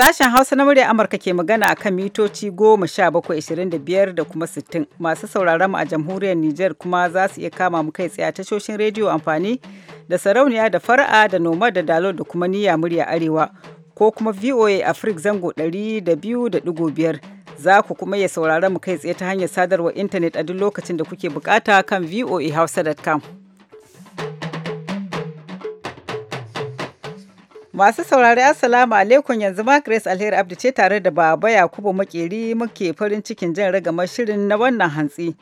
Sashen Hausa na murya Amurka ke magana a kan mitoci goma sha bakwai ashirin da biyar da kuma sittin masu sauraron mu a jamhuriyar Nijar kuma za su iya kama mu kai tsaye a tashoshin rediyo amfani da sarauniya da fara'a da noma da dalo da kuma niyya murya arewa ko kuma VOA Africa zango ɗari da da biyu biyar za ku kuma iya sauraron mu kai tsaye ta hanyar sadarwar intanet a duk lokacin da kuke bukata kan voahausa.com. Masu saurari Assalamu alaikum yanzu ma Grace Alheri Abdu ce tare da Baba Yakubu Makeri muke farin cikin jin ragamar shirin na wannan hantsi.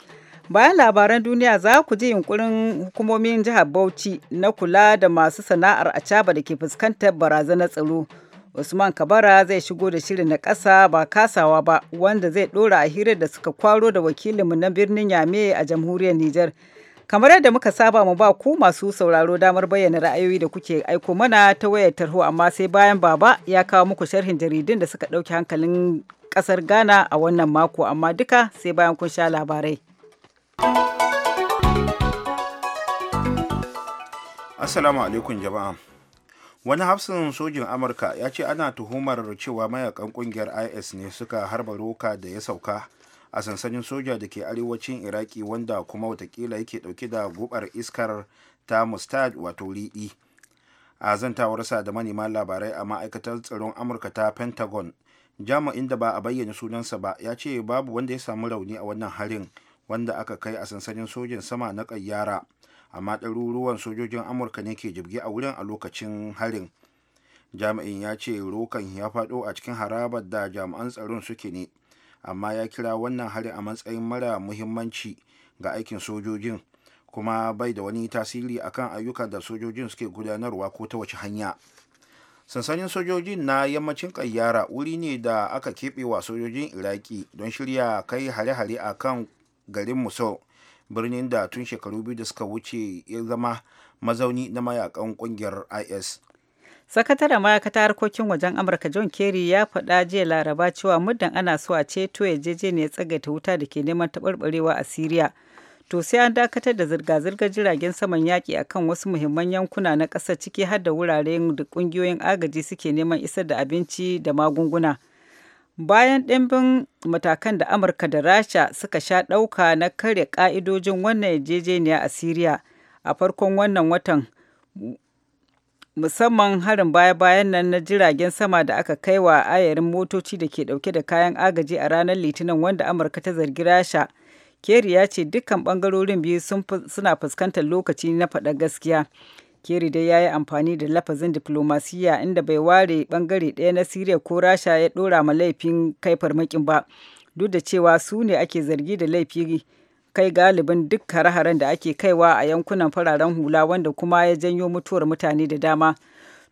Bayan labaran duniya za ku ji yunkurin hukumomin jihar Bauchi na kula da masu sana'ar acaba da ke fuskantar barazanar tsaro. Usman Kabara zai shigo da shirin na ƙasa ba kasawa ba wanda zai ɗora a hirar da suka kwaro da wakilinmu na birnin Yame a jamhuriyar Nijar. Kamar yadda muka saba mu ba ku masu sauraro damar bayyana ra'ayoyi da kuke aiko mana ta wayar tarho amma sai bayan baba ya kawo muku sharhin jaridun da suka ɗauki hankalin ƙasar Ghana a wannan mako amma duka sai bayan kun sha labarai. Assalamu alaikum jama'a. wani hafsin sojin amurka ya ce ana tuhumar cewa mayakan kungiyar is ne suka harba roka da ya sauka a sansanin soja da ke arewacin iraki wanda kuma watakila yake dauke da gubar iskar ta mustad wato riɗi a zantawarsa da manema labarai a ma'aikatar tsaron amurka ta pentagon jami'in da ba a bayyana sunansa ba ya ce babu wanda ya samu rauni a wannan harin wanda aka kai a sansanin sojin sama na kayyara amma ɗaruruwan sojojin amurka ne ke jibge a wurin a lokacin harin jami'in ya ce rokan ya faɗo a cikin harabar da jami'an tsaron suke ne amma ya kira wannan hari a matsayin mara muhimmanci ga aikin sojojin kuma bai da wani tasiri akan ayyuka da sojojin suke gudanarwa ko ta wace hanya sansanin sojojin na yammacin kayyara wuri ne da aka keɓewa sojojin iraki don shirya kai hare-hare a kan garin musul birnin da tun shekaru biyu da suka wuce ya zama mazauni na mayakan ƙungiyar is sakataren ma'aikata harkokin wajen amurka john kerry ya faɗa jiya laraba cewa muddin ana so a ceto yarjejeniyar tsagaita wuta da ke neman taɓarɓarewa a syria to sai an dakatar da zirga-zirgar jiragen saman yaƙi akan wasu muhimman yankuna na ƙasa ciki har da wuraren da ƙungiyoyin agaji suke neman isar da abinci da magunguna bayan ɗimbin matakan da amurka da rasha suka sha ɗauka na karya ƙa'idojin wannan yarjejeniya a syria a farkon wannan watan musamman harin baya-bayan nan na jiragen sama da aka kai wa ayarin motoci da ke dauke da kayan agaji a ranar litinin wanda amurka ta zargi rasha keri ya ce dukkan bangarorin biyu suna fuskantar lokaci na faɗa gaskiya keri dai ya yi amfani da lafazin diflomasiyya inda bai ware bangare ɗaya na siriya ko rasha ya ɗora ma laifin kai farmakin ba duk da cewa su ne ake zargi da laifi kai galibin duk hare-haren da ake kaiwa a yankunan fararen hula wanda kuma ya janyo mutuwar mutane da dama.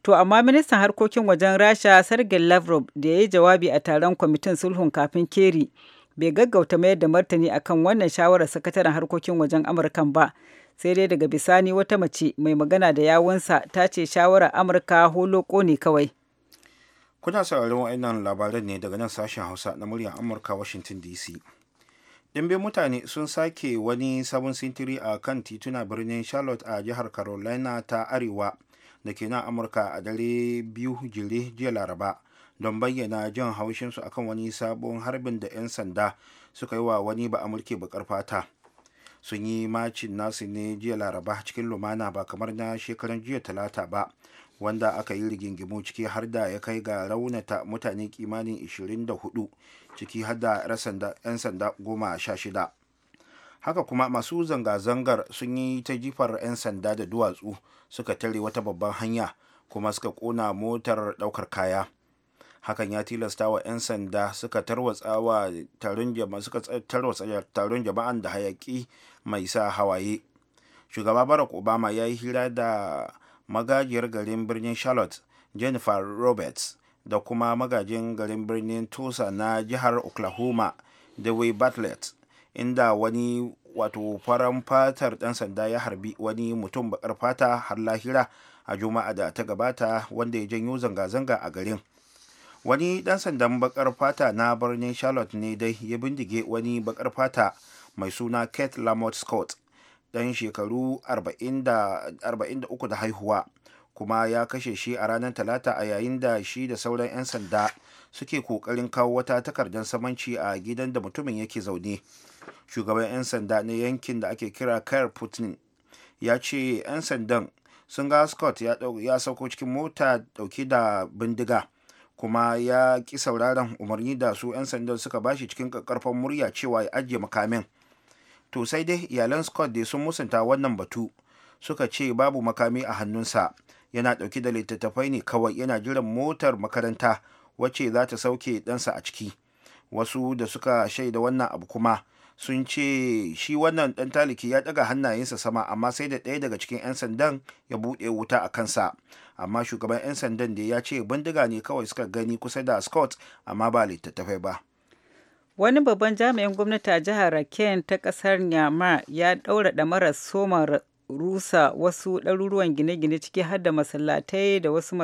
To amma ministan harkokin wajen Rasha Sergei Lavrov da ya yi jawabi a taron kwamitin sulhun kafin Keri bai gaggauta mayar da martani akan wannan shawarar sakataren harkokin wajen Amurkan ba. Sai dai daga bisani wata mace mai magana da yawunsa ta ce shawarar Amurka holoko ne kawai. Kuna sauraron wa'annan labaran ne daga nan sashen Hausa na muryar Amurka Washington DC. ɗimbin mutane sun sake wani sabon sintiri a kan tituna birnin charlotte a jihar carolina ta arewa da ke nan amurka a dare biyu jiri jiya laraba don bayyana jin haushinsu akan wani sabon harbin da 'yan sanda suka yi wa wani ba mulki bakar fata sun yi macin nasu ne jiya laraba cikin lumana ba kamar na shekaran jiya talata ba wanda aka yi rigingimu ciki har da ya kai ga raunata mutane kimanin 24 ciki har da 'yan sanda goma sha shida haka kuma masu zanga-zangar sun yi ta jifar 'yan sanda da duwatsu suka tare wata babban hanya kuma suka kona motar daukar kaya hakan ya tilasta wa 'yan sanda suka tarwatsa taron jama'an da hayaki mai sa hawaye shugaba barack obama ya yi hira da magajiyar garin birnin charlotte jennifer roberts da kuma magajin garin birnin tusa na jihar oklahoma dewey bartlett inda wani wato faran fatar ɗan sanda ya harbi wani mutum bakar fata har lahira a juma'a da ta gabata wanda ya janyo zanga-zanga a garin wani ɗan sandan bakar fata na birnin charlotte ne dai ya bindige wani bakar fata mai suna kate lamont scott ɗan shekaru 43 da haihuwa kuma ya kashe shi a ranar talata a yayin da shi da sauran 'yan sanda suke kokarin kawo wata takardar samanci a gidan da mutumin yake zaune shugaban 'yan sanda na yankin da ake kira kayar putin ya ce 'yan sandan sun ga scott ya sauko cikin mota dauke da bindiga kuma ya ki sauraron umarni da su 'yan sandan suka bashi cikin karfan murya cewa ya ajiye makamin to sai dai iyalan scott dai sun musanta wannan batu suka ce babu makami a hannunsa yana ɗauke da littattafai ne kawai yana jiran motar makaranta wacce za ta sauke ɗansa a ciki wasu da suka shaida wannan abu kuma sun ce shi wannan ɗan taliki ya ɗaga hannayensa sama amma sai da ɗaya daga cikin 'yan sandan ya buɗe wuta a kansa amma shugaban 'yan sandan da ya ce bindiga ne kawai suka gani kusa da scott amma ba littattafai ba wani babban jami'in gwamnati a jihar raken ta kasar nyama ya ɗaura ɗamarar soma rusa wasu ɗaruruwan gine-gine ciki har da masallatai da wasu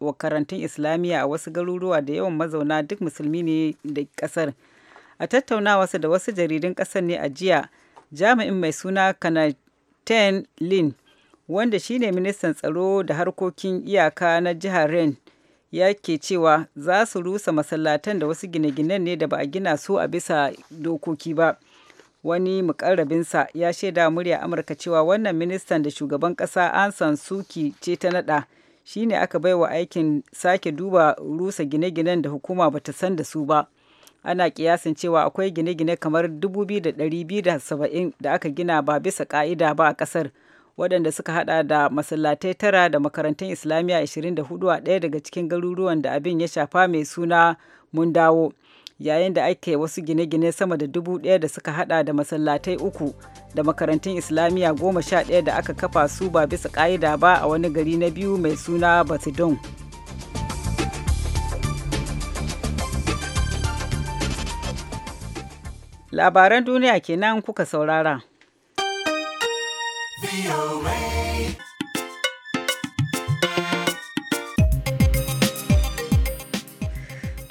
makarantun islamiyya a wasu garuruwa da yawan mazauna duk musulmi ne da ƙasar a tattaunawarsa da wasu jaridun ƙasar ne a jiya jami'in mai suna kanaten lin wanda shine ministan tsaro da harkokin iyaka na jihar ren ya ke cewa za su rusa masallatan da wasu gine-ginen ne da ba a gina su a bisa dokoki ba. wani mukarrabinsa ya shaida murya amurka cewa wannan ministan da shugaban kasa ansan suki ce ta nada shine aka baiwa aikin sake duba rusa gine-ginen da hukuma bata san da su ba ana kiyasin cewa akwai gine-gine kamar 2,270 da aka gina ba bisa ka'ida ba a kasar waɗanda suka hada da masallatai tara da makarantun islamiyya 24 a ɗaya daga cikin garuruwan da abin ya shafa mai suna mun dawo yayin da ake wasu gine-gine sama da dubu ɗaya da suka hada da masallatai uku da makarantun islamiyya goma sha ɗaya da aka kafa su ba bisa ƙa'ida ba a wani gari na biyu mai suna batidon labaran duniya kenan kuka saurara.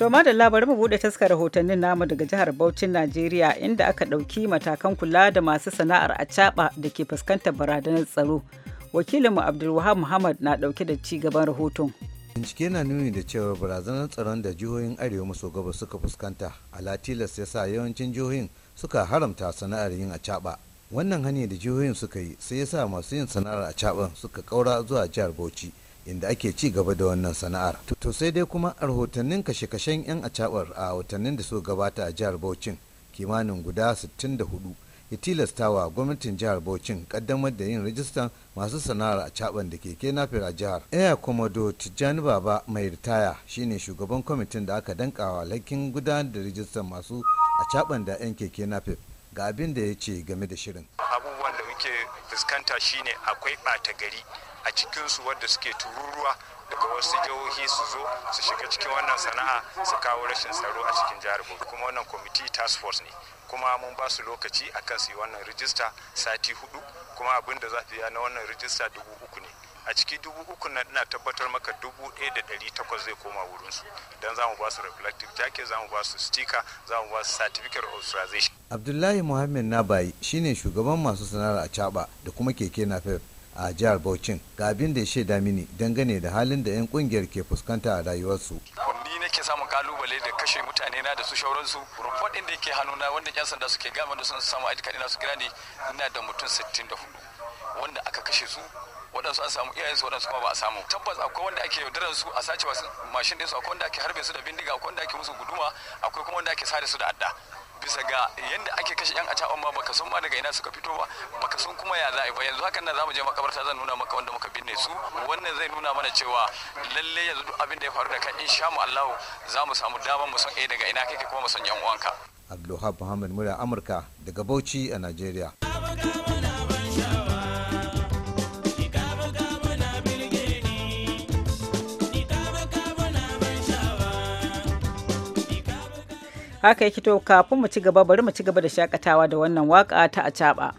To da bari mu bude taskar rahotannin namu daga jihar Bauchin Najeriya inda aka ɗauki matakan kula da masu sana'ar acaɓa da ke fuskantar barazanar tsaro. Wakilinmu Abdulwahab Muhammad na ɗauke da ci gaban rahoton. bincike na nuni da cewa barazanar tsaron da jihohin arewa maso gabas suka fuskanta a Latilas ya sa yawancin jihohin suka haramta sana'ar yin acaɓa wannan hanyar da jihohin suka yi sai ya sa masu yin sana'ar acaban suka kaura zuwa jihar bauchi inda ake ci gaba da wannan sana'ar to sai dai kuma a rahotannin kashe-kashen 'yan acawar a watannin da su gabata a jihar Bauchin kimanin guda 64 ya tilastawa gwamnatin jihar Bauchin kaddamar da yin rajistan masu sana'ar a caban da keke nafir a jihar Air Komodo Tijjani Baba mai ritaya shine shugaban kwamitin da aka dankawa lakin gudanar da rajistan masu acaɓan da 'yan keke nafir ga abin da ya ce game da shirin abubuwan da muke fuskanta shine akwai ɓata gari a cikinsu wadda suke tururuwa daga wasu jihohi su zo su shiga cikin wannan sana'a su kawo rashin tsaro a cikin jihar Bauchi kuma wannan kwamiti task force ne kuma mun ba su lokaci akan su yi wannan rijista sati hudu kuma abin da za su yi na wannan rijista dubu uku ne a ciki dubu uku na ina tabbatar maka dubu ɗaya da ɗari takwas zai koma wurinsu don za mu ba su reflective jacket za mu ba su sticker za mu ba su certificate of authorization abdullahi muhammed nabayi shine shugaban masu sana'ar a da kuma keke na fef a jihar Bauchin ga abin da ya shaida mini dangane da halin da 'yan kungiyar ke fuskanta a rayuwarsu. Ni nake samun kalubale da kashe mutane na da su shauransu rumfar da yake hannuna wanda 'yan sanda suke gama da sun samu aiki na su kira ne ina da mutum 64 wanda aka kashe su waɗansu an samu su waɗansu kuma ba a samu tabbas akwai wanda ake yaudaran su a sace mashin ɗinsu akwai wanda ake harbe su da bindiga akwai wanda ake musu guduma akwai kuma wanda ake sare su da adda bisa ga yadda ake kashe yan acaban ma baka san ma daga ina suka fito ba baka san kuma ya za'a ba yanzu hakan nan zamu je makabarta zan nuna maka wanda muka binne su wannan zai nuna mana cewa lalle yanzu duk abin da ya faru da kai insha mu Allah za mu samu damar mu san eh daga ina kake kuma mu san yan uwanka Abdulhab Muhammad Mura Amurka daga Bauchi a Najeriya. haka yake to kafin mu ci gaba bari mu ci gaba da shakatawa da wannan waka ta caba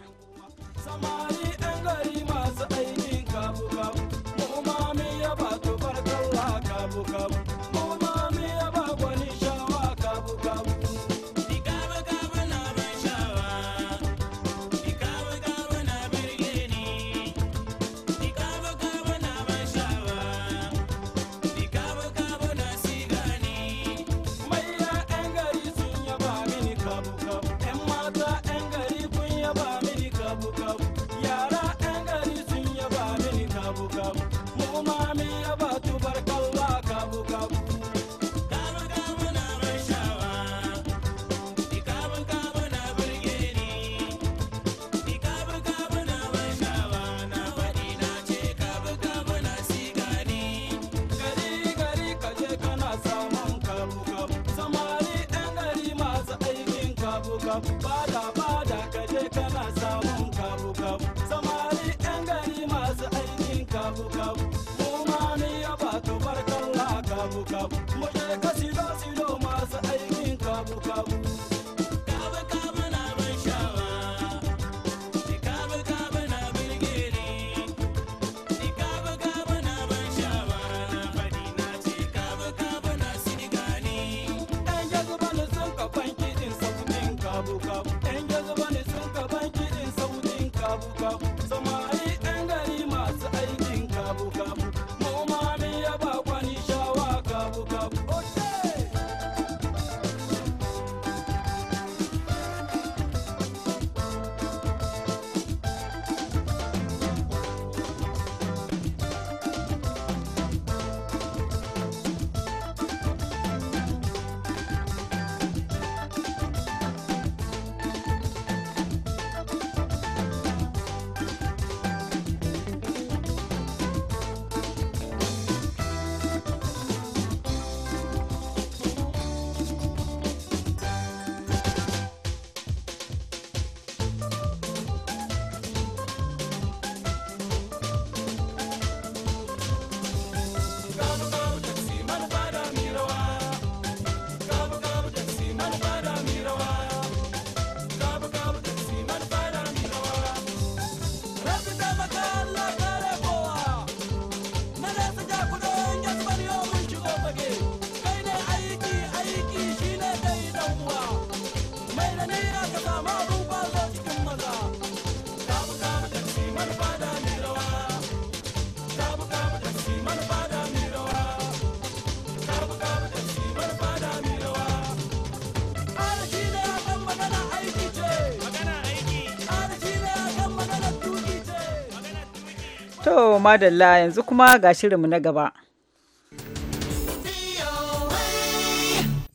To madalla yanzu kuma ga shirinmu na gaba.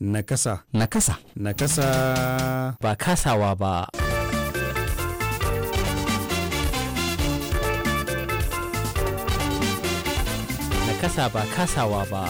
Nakasa. Nakasa. Nakasa. Ba kasawa ba. Nakasa ba kasawa ba.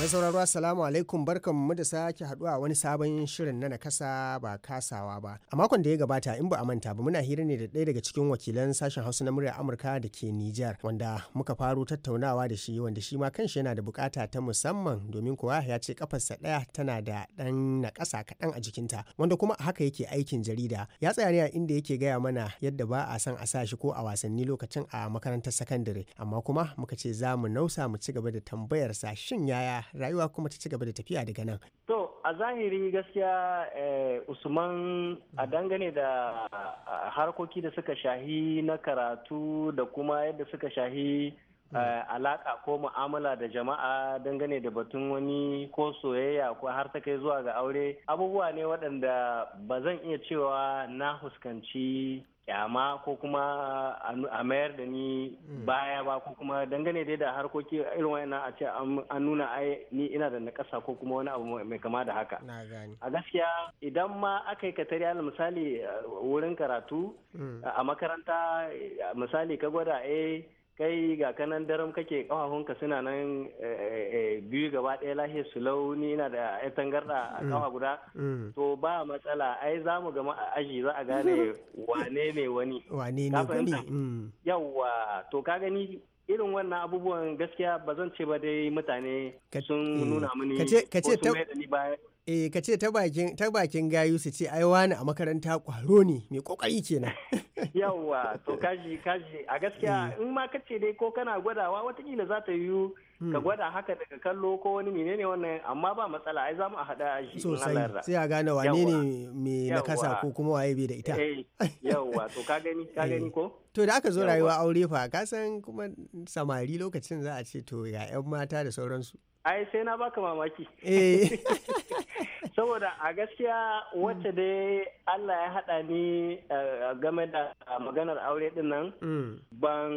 Mai sauraro Assalamu alaikum mu da sake haduwa wani sabon shirin na nakasa ba kasawa ba. A makon da ya gabata in ba a manta ba muna hira ne da ɗaya daga cikin wakilan sashen Hausa na muryar Amurka da ke Nijar wanda muka faro tattaunawa da shi wanda shi ma kanshi yana da bukata ta musamman domin kuwa ya ce kafarsa ɗaya tana da ɗan nakasa kaɗan a jikinta wanda kuma a haka yake aikin jarida. Ya tsaya ne a inda yake gaya mana yadda ba a san a sa shi ko a wasanni lokacin a makarantar sakandare amma kuma muka ce za mu nausa mu ci gaba da tambayarsa shin yaya rayuwa kuma ta ci gaba da tafiya daga nan to a zahiri gaskiya eh, usman a dangane da harkoki da suka shahi na karatu da kuma yadda suka shahi eh, alaka ko mu'amala da jama'a dangane da batun wani ko soyayya ko har ta kai zuwa ga aure abubuwa ne waɗanda ba zan iya cewa na fuskanci yama ko kuma a mayar da ni hmm. baya ba ko kuma dangane dai da harkoki irin wani a ce an nuna ai ni ina da nakasa ko kuma wani abu mai kama da haka a gaskiya idan ma aka yi katari ala misali eh, wurin karatu hmm. a makaranta misali ka gwada eh kai ga kanan daram kake kafafunka suna nan eh, eh, eh, biyu gaba ɗaya lahiyar su launi na da ya tangarda a mm. guda mm. to ba matsala ai za mu gama a aji za a gane wane ne wani wane ne wani mm. yawa to ka gani irin wannan abubuwan gaskiya ba zan ce ba dai mutane sun nuna mini ko sun mai da ni eh ka ce ta bakin gayu su ce ai wani a makaranta kwaro ne mai kokari kenan Yawwa to kaji kaji a gaskiya eh. in ma ka ce dai ko kana gwadawa watakila za ta yiwu ka hmm. gwada haka daga kallo ko wani menene wannan amma ba matsala ai za mu a haɗa shi sosai sai a gane wane ne mai nakasa ko kuma waye bai da ita eh, Yawwa to ka gani ka gani eh. ko to da aka zo rayuwa aure fa ka san kuma samari lokacin za a ce to ya 'yan mata da sauransu ai sai na baka mamaki eh. saboda a gaskiya wacce dai allah ya haɗa ni eh, game da maganar aure din nan mm. ban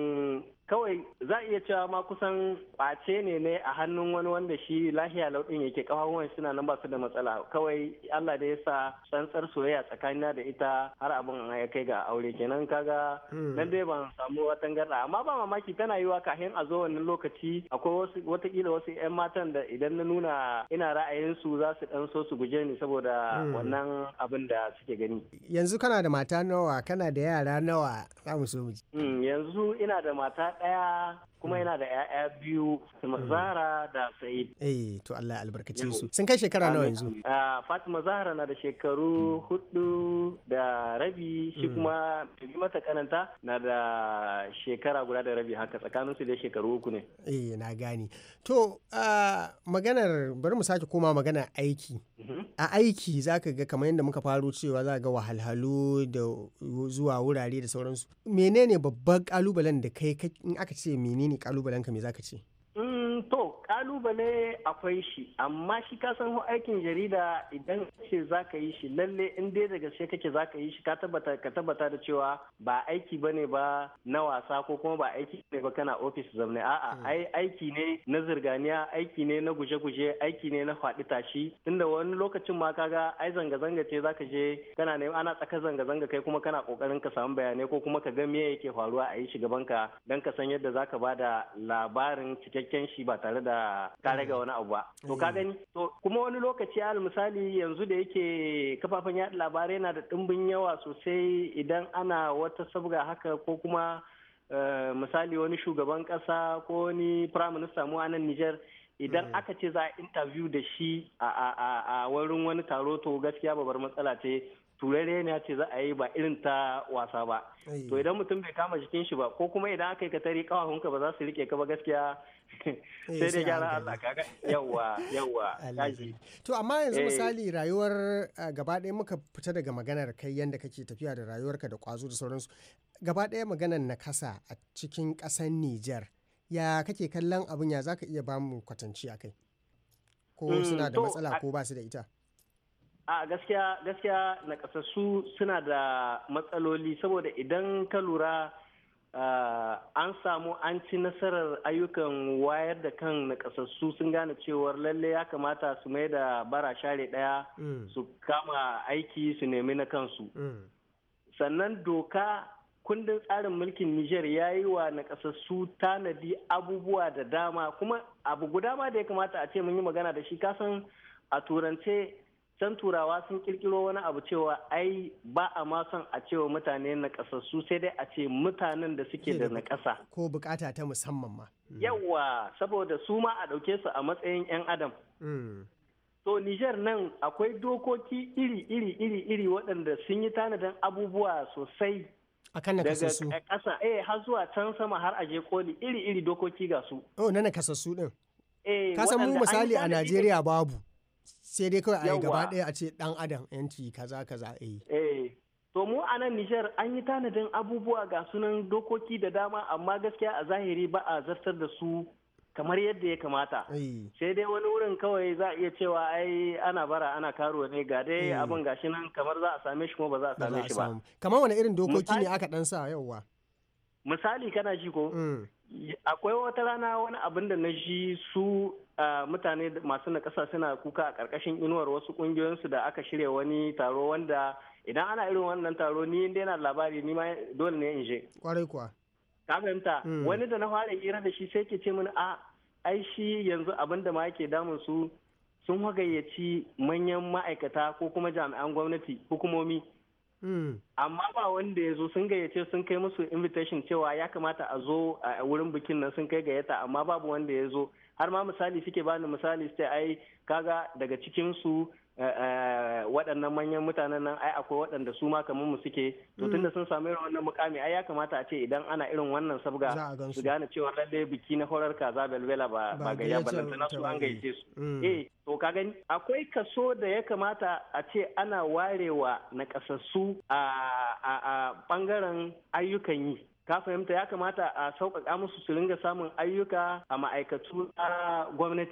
kawai za iya cewa ma kusan ɓace ne ne a hannun wani wanda shi lahiya lauɗin yake kafafuwan suna nan ba su da matsala kawai Allah da ya sa tsantsar soyayya tsakanina da ita har abin ya kai ga aure kenan kaga hmm. nan dai ban samu wata garda amma ba mamaki tana yiwa kafin a zo wannan lokaci akwai wasu watakila wasu yan matan da idan na nuna ina ra'ayinsu za su dan so su guje ni saboda hmm. wannan abin da suke gani yanzu kana da mata nawa kana da yara nawa za mu so hmm, yanzu ina da mata 哎呀。kuma mm. yana da 'ya'ya biyu Fatima mm. Zahra da Sa'id. Eh to Allah albarkace su. Sun kai shekara nawa yanzu? Ah, Fatima Zahra na da shekaru mm. hudu da rabi shi kuma bi mata kananta na da shekara guda da rabi haka tsakanin su da shekaru uku ne. Eh na gane. To ah, maganar bari mu sake koma maganar aiki. Mm-hmm. A aiki za ka ga kamar yadda muka faro cewa za ga wahalhalu da zuwa wurare da sauransu. Menene babban kalubalen da kai in aka ce menene menene kalubalen ka me zaka ce kalubale akwai shi amma shi ka san aikin jarida idan ce za ka yi shi lalle in dai daga sai kake za ka yi shi ka tabbata da cewa ba aiki bane ba na wasa ko kuma ba aiki ne ba kana ofis zamne a'a hmm. ai aiki ne na zirganiya aiki ne na guje-guje aiki ne na faɗi tashi tunda wani lokacin ma kaga ai zanga-zanga ce za zaka je kana nema ana tsaka zanga-zanga kai kuma kana kokarin ka samu bayanai ko kuma ka ga me yake faruwa a yi shi gaban ka dan ka san yadda za ka bada labarin cikakken shi ba tare da ka rage wani abu ba to ka mm. gani to kuma wani lokaci al misali yanzu da yake kafafen yaɗa labarai yana da ɗimbin yawa sosai idan ana wata sabga haka ko kuma eh, misali wani shugaban ƙasa ko wani prime minister mu a Niger idan mm. aka ce za a interview da shi a wurin wani taro to gaskiya babar matsala ce turare ne ce za a yi ba irin ta wasa ba to idan mutum bai kama jikin shi ba ko kuma idan aka yi ka tare kawahunka ba za su rike ka ba gaskiya sai dai gyara Allah kaga yawa yawa to amma yanzu eh. misali rayuwar ah, gaba ɗaya muka fita daga maganar kai yadda kake tafiya da rayuwarka da kwazo da sauransu gaba ɗaya maganar na kasa a cikin ƙasar Nijar ya kake kallon abin ya zaka iya bamu kwatanci akai ko mm, suna da matsala ko ba su da ita a gaskiya gaskiya kasassu suna da matsaloli saboda idan ka lura ah, an samu an ci nasarar ayyukan wayar da kan nakasassu sun gane cewar lalle ya kamata su mai da bara share daya mm. su kama aiki su nemi na kansu mm. sannan doka kundin tsarin mulkin niger ya yi wa naƙasassu tanadi abubuwa da dama kuma abu guda ma da ya kamata a ce mun yi magana da shi kasan a turance can turawa sun kirkiro wani abu cewa ai ba a ma son a cewa mutane na kasassu sai dai a ce mutanen da suke da na ƙasa. ko bukata ta musamman ma hmm. yawa saboda su ma a ɗauke su a matsayin 'yan adam hmm. to niger nan akwai dokoki iri iri iri iri waɗanda sun yi tanadan abubuwa sosai na kasassu daga ƙasa eh har zuwa can sama har aje koli iri iri dokoki ga su oh na kasassu din eh ka san mu misali a Najeriya babu sai dai kawai a gaba ɗaya a ce ɗan adam yanci kaza kaza yi. Eh. Eh, to mu a nan Nijar an yi tanadin abubuwa ga sunan dokoki da dama amma gaskiya a zahiri ba a zartar da su kamar yadda ya kamata eh. sai dai wani wurin kawai za a iya cewa ai ana bara ana karo ne ga dai abin gashi nan kamar za a same shi kuma ba za a same shi ba kamar wani irin dokoki ne aka dan sa yauwa misali kana ji ko mm. akwai wata rana wani abin da na ji su mutane masu na ƙasa suna kuka a ƙarƙashin inuwar wasu ƙungiyoyinsu da aka shirya wani taro wanda idan ana irin wannan taro ni inda yana labari ni ma dole ne in je kwarai kuwa ka fahimta hmm. wani da na fara kira da shi sai ke ce mini a ai shi yanzu abin da ma yake damun su sun gayyaci manyan ma'aikata ko kuma jami'an gwamnati hukumomi Hmm. amma ba wanda ya zo sun gayyace sun kai musu invitation cewa ya kamata a zo a wurin bikin nan sun kai gayyata amma babu wanda ya zo har ma misali suke bani misali su ai kaga daga cikin su Eh, eh, waɗannan manyan mutanen nan ai akwai waɗanda su ma kamar mu suke to mm. tunda sun samu irin wannan mukami ai ya kamata a ce idan ana irin wannan sabga su gane cewa lalle biki na horar kaza belbela ba ba gayya balantana su an gaishe su eh to ka gani akwai kaso da ya kamata a ce ana warewa na kasassu a bangaren ayyukan yi ka fahimta ya kamata a sauƙaƙa musu su ringa samun ayyuka a ma'aikatu na gwamnati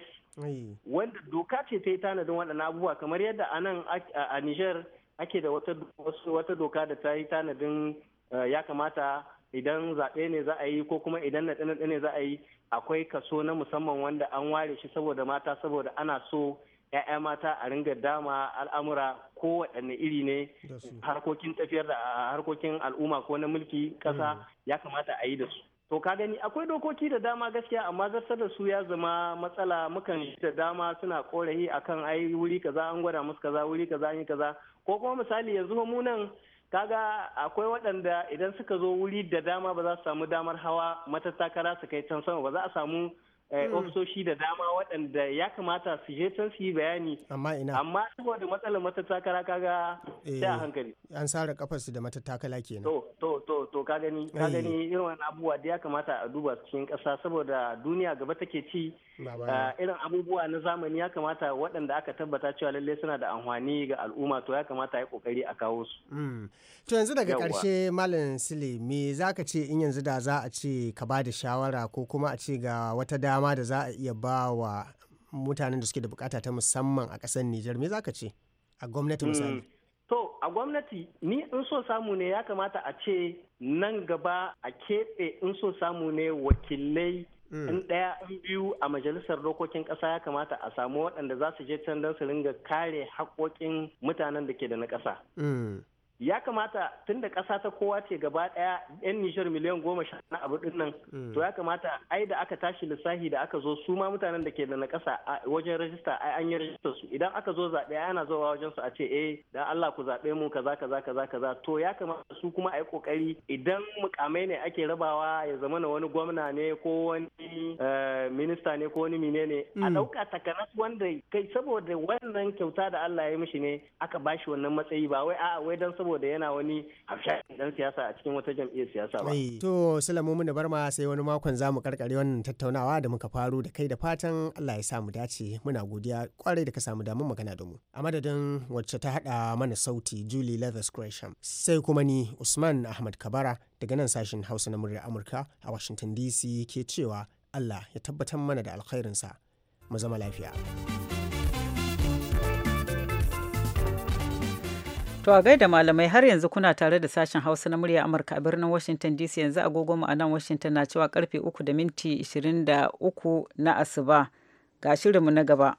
wanda doka ce ta yi tanadin waɗannan abubuwa kamar yadda a nan a nijar ake da wata doka da ta yi tanadin eh, ya kamata idan zaɓe ne za a yi ko kuma idan na naɗe ne za a yi akwai kaso na musamman wanda an ware shi saboda mata saboda ana so 'ya'ya mata a ringa dama al'amura ko waɗanne iri ne harkokin tafiyar da harkokin al'umma ko na mulki ƙasa mm. ya kamata a yi da su to ka gani akwai dokoki da dama gaskiya amma zartar da su ya zama matsala mukan yi da dama suna korafi akan ai wuri kaza an gwada musu kaza wuri kaza an yi kaza ko kuma misali yanzu mu nan kaga akwai waɗanda idan suka zo wuri da dama ba za su samu damar hawa matattakara su kai can sama ba za a samu Eh, hmm. ofisoshi da dama waɗanda ya kamata su je can su yi bayani amma ina amma saboda matsalar matattakala kaga da eh, hankali an sare kafarsu da matattakala kenan to to to to ka gani ka eh. gani irin wannan abubuwa da ya kamata a duba cikin ƙasa saboda duniya gaba take ci irin abubuwa na zamani ya kamata waɗanda aka tabbata cewa lallai suna da amfani ga al'umma to ya kamata ya kokari a kawo su hmm. to yanzu daga ƙarshe malam sile me zaka ce in yanzu da za a ce ka ba da shawara ko kuma a ce ga wata dama dama da za a iya ba wa mutanen da suke da bukata ta musamman a ƙasar Nijar me zaka ce a gwamnati misali? Mm, to a gwamnati ni in so samu ne ya kamata a ce nan gaba a keɓe in so samu ne wakilai mm. in ɗaya in biyu a majalisar dokokin ƙasa ya kamata a samu waɗanda za su je can don su ringa kare haƙoƙin mutanen da ke da na ƙasa. Mm. ya kamata tun da ƙasa ta kowa ce gaba ɗaya 'yan nishar miliyan goma sha na abu ɗin nan mm. to ya kamata ai da aka tashi lissafi da aka zo su ma mutanen da ke da na ƙasa wajen rajista ai an yi rajista su idan aka zo zaɓe ana zuwa wajen su a ce eh dan Allah ku zaɓe mu kaza kaza kaza kaza to ya kamata su kuma ai kokari idan mukamai ne ake rabawa ya zama na wani gwamna ne ko wani eh, minista ne ko wani mine ne a mm. ɗauka takanas wanda kai saboda wannan kyauta da Allah ya mishi ne aka bashi wannan matsayi ba wai a'a wai dan saboda saboda yana wani hafshakin dan siyasa a cikin wata jam'iyyar siyasa ba. To Sulaimu mun bar ma sai wani makon zamu karkare wannan tattaunawa da muka faru da kai da fatan Allah ya sa mu dace muna godiya kwarai da ka samu damar magana da mu. A madadin wacce ta hada mana sauti Julie levis Gresham sai kuma ni Usman Ahmad Kabara daga nan sashen Hausa na muryar Amurka a Washington DC ke cewa Allah ya tabbatar mana da alkhairinsa mu zama lafiya. To a gaida malamai har yanzu kuna tare da sashen Hausa na murya Amurka a birnin Washington DC yanzu agogo mu a nan Washington na cewa karfe 3 da minti 23 na asuba. Ga shirinmu na gaba.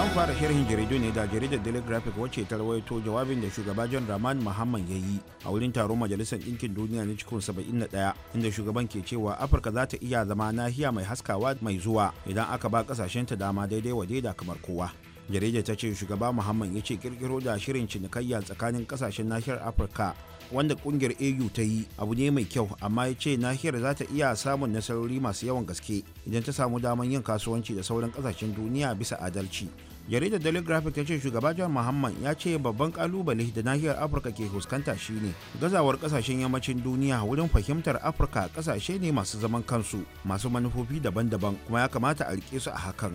an fara sharhin jaridu ne da jaridar daily graphic wacce ta rawaito jawabin da shugaba john rahman muhammad ya yi a wurin taron majalisar ɗinkin duniya na cikin 71 inda shugaban ke cewa afirka za ta iya zama nahiya mai haskawa mai zuwa idan aka ba ta dama daidai wa daida kamar kowa jaridar ta ce shugaba muhammad ya ce kirkiro da shirin cinikayya tsakanin kasashen nahiyar afirka wanda kungiyar au ta yi abu ne mai kyau amma ya ce nahiyar za ta iya samun nasarori masu yawan gaske idan ta samu daman yin kasuwanci da sauran kasashen duniya bisa adalci jaridar daily graphic ta ce shugaba john muhammad ya ce babban kalubale da nahiyar afirka ke fuskanta shine gazawar kasashen yammacin duniya wurin fahimtar afirka kasashe ne masu zaman kansu masu manufofi daban-daban kuma ya kamata a rike su a hakan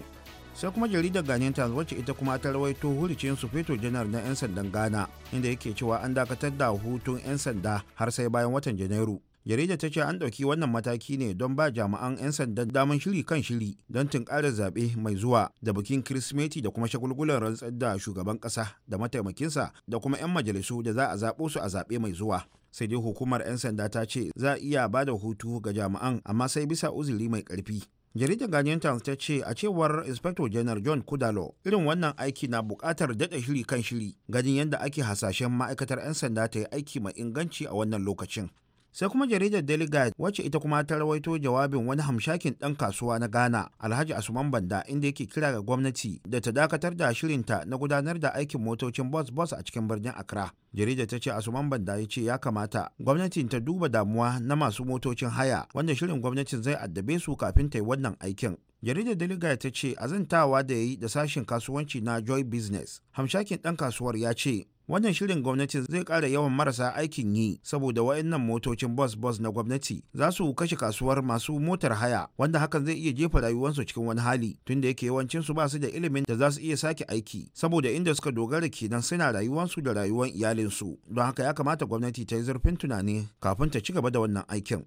sai kuma jaridar ganin ta wacce ita kuma ta rawaito hulicin fito janar na 'yan sandan Ghana inda yake cewa an dakatar da hutun 'yan sanda har sai bayan watan Janairu. jaridar ta ce an ɗauki wannan mataki ne don ba jami'an 'yan sandan daman shiri kan shiri don tunkarar zaɓe mai zuwa da bikin Kirsimeti da kuma shagulgulan rantsar da shugaban ƙasa da mataimakinsa da kuma 'yan majalisu da za a zaɓo su a zaɓe mai zuwa. sai dai hukumar 'yan sanda ta ce za a iya ba da hutu ga jama'an amma sai bisa uzuri mai ƙarfi. jaridar guardian times ta ce a cewar inspector general john kudalo irin wannan aiki na buƙatar daɗa shiri kan shiri ganin yadda ake hasashen ma'aikatar 'yan sanda ta yi aiki mai inganci a wannan lokacin sai kuma jaridar daily guide wacce ita kuma ta rawaito jawabin wani hamshakin dan kasuwa na ghana alhaji asuman banda inda yake kira ga gwamnati da ta dakatar da shirinta na gudanar da aikin motocin bus bus a cikin birnin accra jaridar ta ce asuman banda ya ce ya kamata gwamnati ta duba damuwa na masu motocin haya wanda shirin gwamnatin zai addabe su kafin ta yi wannan aikin jaridar guard ta ce azantawa da ya yi da sashen kasuwanci na joy business hamshakin dan kasuwar ya ce wannan shirin gwamnati zai ƙara yawan marasa aikin yi saboda wayannan motocin bus bus na gwamnati za su kashe kasuwar masu motar haya wanda hakan zai iya jefa rayuwarsu cikin wani hali tunda yake yawancin su ba su da ilimin da za su iya sake aiki saboda inda suka dogara kenan suna rayuwarsu da rayuwar iyalinsu don haka ya kamata gwamnati ta yi zurfin tunani kafin ta ci gaba da wannan aikin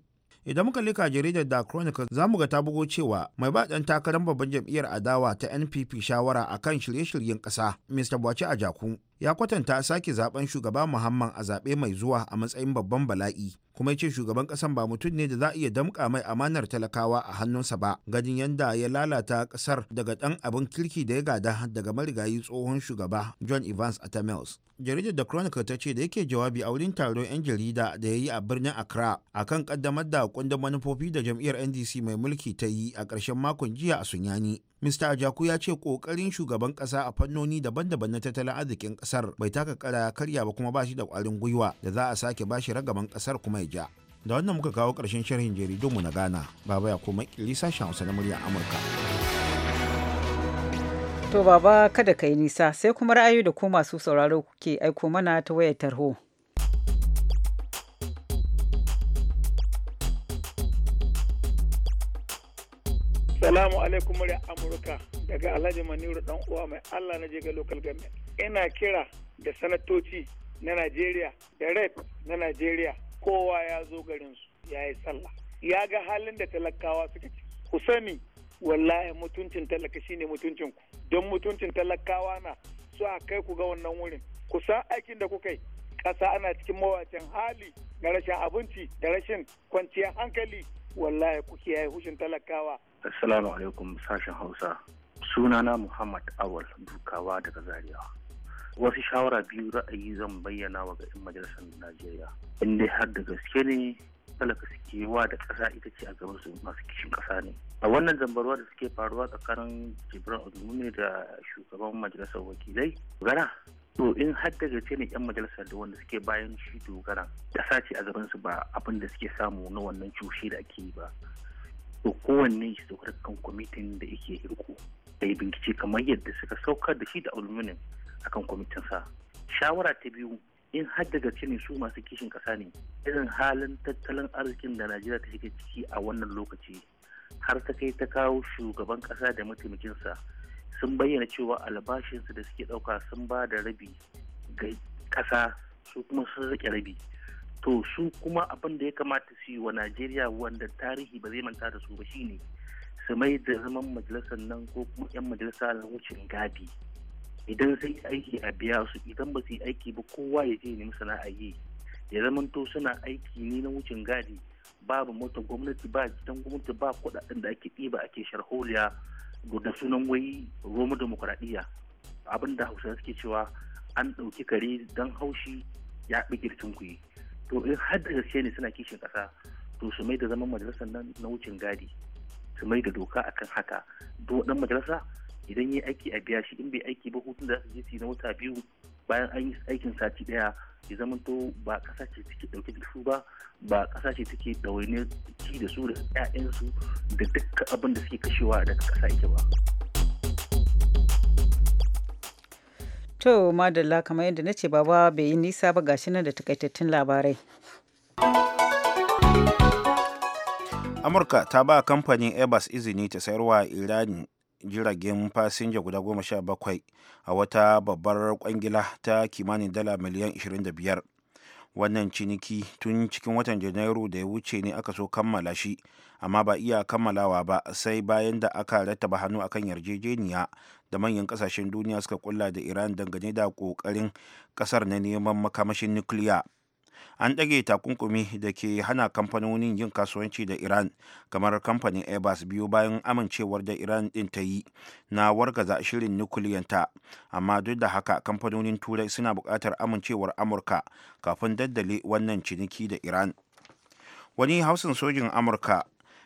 idan muka lika jaridar da chronicle za mu ga ta bugo cewa mai ba dan takarar babban jam'iyyar adawa ta npp shawara akan shirye-shiryen ƙasa mr bwachi ajaku ya kwatanta sake zaben shugaba muhammad a zaɓe mai zuwa a matsayin babban bala'i kuma ce shugaban kasan ba mutum ne da za a iya damƙa mai amanar talakawa a hannunsa ba ganin yanda ya lalata kasar daga ɗan abin kirki da ya gada daga marigayi tsohon shugaba john evans atamels jaridar da chronicle ta ce da yake jawabi a wurin taron 'yan jarida da ya yi a birnin accra akan kaddamar da kundin manufofi da jam'iyyar ndc mai mulki ta yi a ƙarshen makon jiya a sunyani Mr. Ajaku ya ce ƙoƙarin shugaban ƙasa a fannoni daban-daban na tattalin arzikin ƙasar bai taka kara ya karya ba kuma bashi da kwarin gwiwa da za a sake bashi ragaban ƙasar kuma ya ja. Da wannan muka kawo ƙarshen sharhin mu na Ghana, baba ya kuma sashen Hausa na muryar Amurka. To baba kada ka yi nisa sai kuma ra'ayi da ko masu sauraro kuke aiko mana ta wayar tarho. Salamu alaikum murya Amurka daga Alhaji Maniru dan uwa mai Allah na je ga lokal government. Ina kira da sanatoci na Najeriya da rep na Najeriya kowa ya zo garin su ya yi sallah. Ya ga halin da talakawa suka ci. Ku sani wallahi mutuncin talaka shine mutuncin ku. Don mutuncin talakawa na su a kai ku ga wannan wurin. Ku san aikin da kuka yi. Ƙasa ana cikin mawacin hali da rashin abinci da rashin kwanciyar hankali wallahi ku kiyaye hushin talakawa Assalamu alaikum sashen Hausa. Sunana Muhammad Awal Dukawa daga Zaria. Wasu shawara biyu ra'ayi zan bayyana wa ga 'yan majalisar Najeriya. In dai har da gaske ne talaka suke wa da ƙasa ita ce a gaban su masu kishin ƙasa ne. A wannan zambarwa da suke faruwa tsakanin Jibran ne da shugaban majalisar wakilai. Gana to in har da gaske ne 'yan majalisar da wanda suke bayan shi dogara ƙasa ce a gaban su ba abin da suke samu na wannan cushe da ake yi ba. to kowanne su saukar kan kwamitin da yake riko da ya bincike kamar yadda suka saukar da shi da a akan kwamitin sa shawara ta biyu in har daga ne su masu kishin kasa ne irin halin tattalin arzikin da najeriya ta shiga ciki a wannan lokaci har ta kai ta kawo shugaban kasa da mataimakinsa sun bayyana cewa albashinsu da suke ɗauka sun ba da rabi ga ƙasa su kuma sun rike rabi to su kuma abin da ya kamata su yi wa najeriya wanda tarihi ba zai manta da su ba shine su mai da zaman majalisar nan ko kuma 'yan majalisa na wucin gadi idan sai aiki a biya su idan ba su yi aiki ba kowa ya je nemi sana'a yi ya zamanto suna aiki ne na wucin gadi babu mota gwamnati ba gidan gwamnati ba kudaden da ake ɗiba ake sharholiya da sunan wai roma demokuraɗiyya abin da hausa suke cewa an ɗauki kare don haushi ya ɓi girkin kuyi to in har da gaske ne suna kishin ƙasa to su mai da zaman majalisar nan na wucin gadi su mai da doka akan haka to dan majalisa idan yi aiki a biya shi in bai aiki ba hutun da su je na wata biyu bayan an yi aikin sati daya ya zamanto ba kasa ce take dauke da su ba ba kasa ce take wani ci da su da 'ya'yansu da dukkan abin da suke kashewa daga kasa yake ba. To madalla kamar yadda na ce baba bai yi nisa ba gashi nan da takaitattun labarai. Amurka ta ba kamfanin Airbus izini ta sayarwa Iran jiragen fasinja guda goma sha bakwai a wata babbar kwangila ta kimanin dala miliyan 25 wannan ciniki tun cikin watan janairu da ya wuce ne aka so kammala shi amma ba iya kammalawa ba sai bayan da aka rattaba hannu akan yarjejeniya da manyan kasashen duniya suka kulla da iran dangane da kokarin kasar na neman makamashin nukiliya an ɗage takunkumi da ke hana kamfanonin yin kasuwanci da iran kamar kamfanin airbus biyu bayan amincewar da iran ɗin ta yi na wargaza shirin nukuliyanta amma duk da haka kamfanonin turai suna bukatar amincewar amurka kafin daddale wannan ciniki da iran wani hausin sojin amurka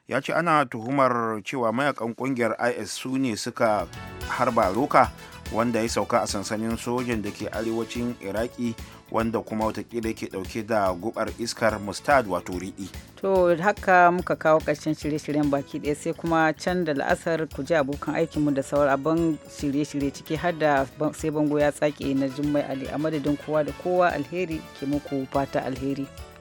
ya ce ana tuhumar cewa mayakan ƙungiyar is su ne suka harba roka wanda ya sauka a sansanin sojan da ke arewacin iraki wanda kuma watakila ke dauke da gubar iskar mustad wato riɗi. to haka muka kawo ƙarshen shirye-shiryen baki ɗaya sai kuma can da la'asar ku ji abokan aikinmu da sauran shirye-shirye ciki har da sai bango ya tsake na jummai ali a madadin kowa da kowa alheri ke muku fata alheri.